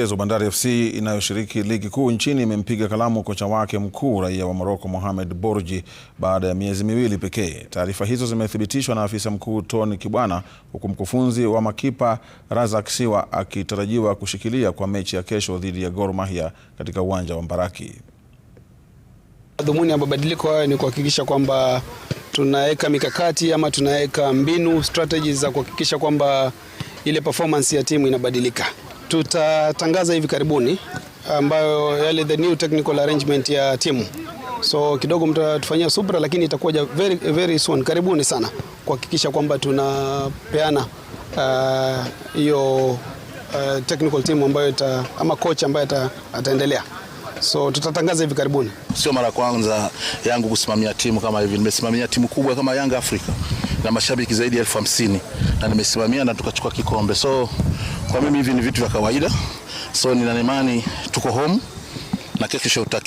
Mchezo Bandari FC inayoshiriki ligi kuu nchini imempiga kalamu kocha wake mkuu raia wa Morocco Mohamed Borji baada ya miezi miwili pekee. Taarifa hizo zimethibitishwa na afisa mkuu Tony Kibwana, huku mkufunzi wa makipa Razak Siwa akitarajiwa kushikilia kwa mechi ya kesho dhidi ya Gor Mahia katika uwanja wa Mbaraki. Dhumuni ya mabadiliko hayo ni kuhakikisha kwamba tunaweka mikakati ama tunaweka mbinu strategies za kuhakikisha kwamba ile performance ya timu inabadilika tutatangaza hivi karibuni ambayo yale the new technical arrangement ya timu. So kidogo mtatufanyia subra, lakini itakuwa very, very soon. Karibuni sana kuhakikisha kwamba tunapeana uh, hiyo uh, uh, technical team ambayo ita, ama coach ambaye ataendelea so tutatangaza hivi karibuni. Sio mara kwanza yangu kusimamia timu kama hivi. Nimesimamia timu kubwa kama Yanga Afrika na mashabiki zaidi ya elfu hamsini na nimesimamia na tukachukua kikombe so kwa mimi hivi ni vitu vya kawaida, so nina imani tuko home na kesho utaki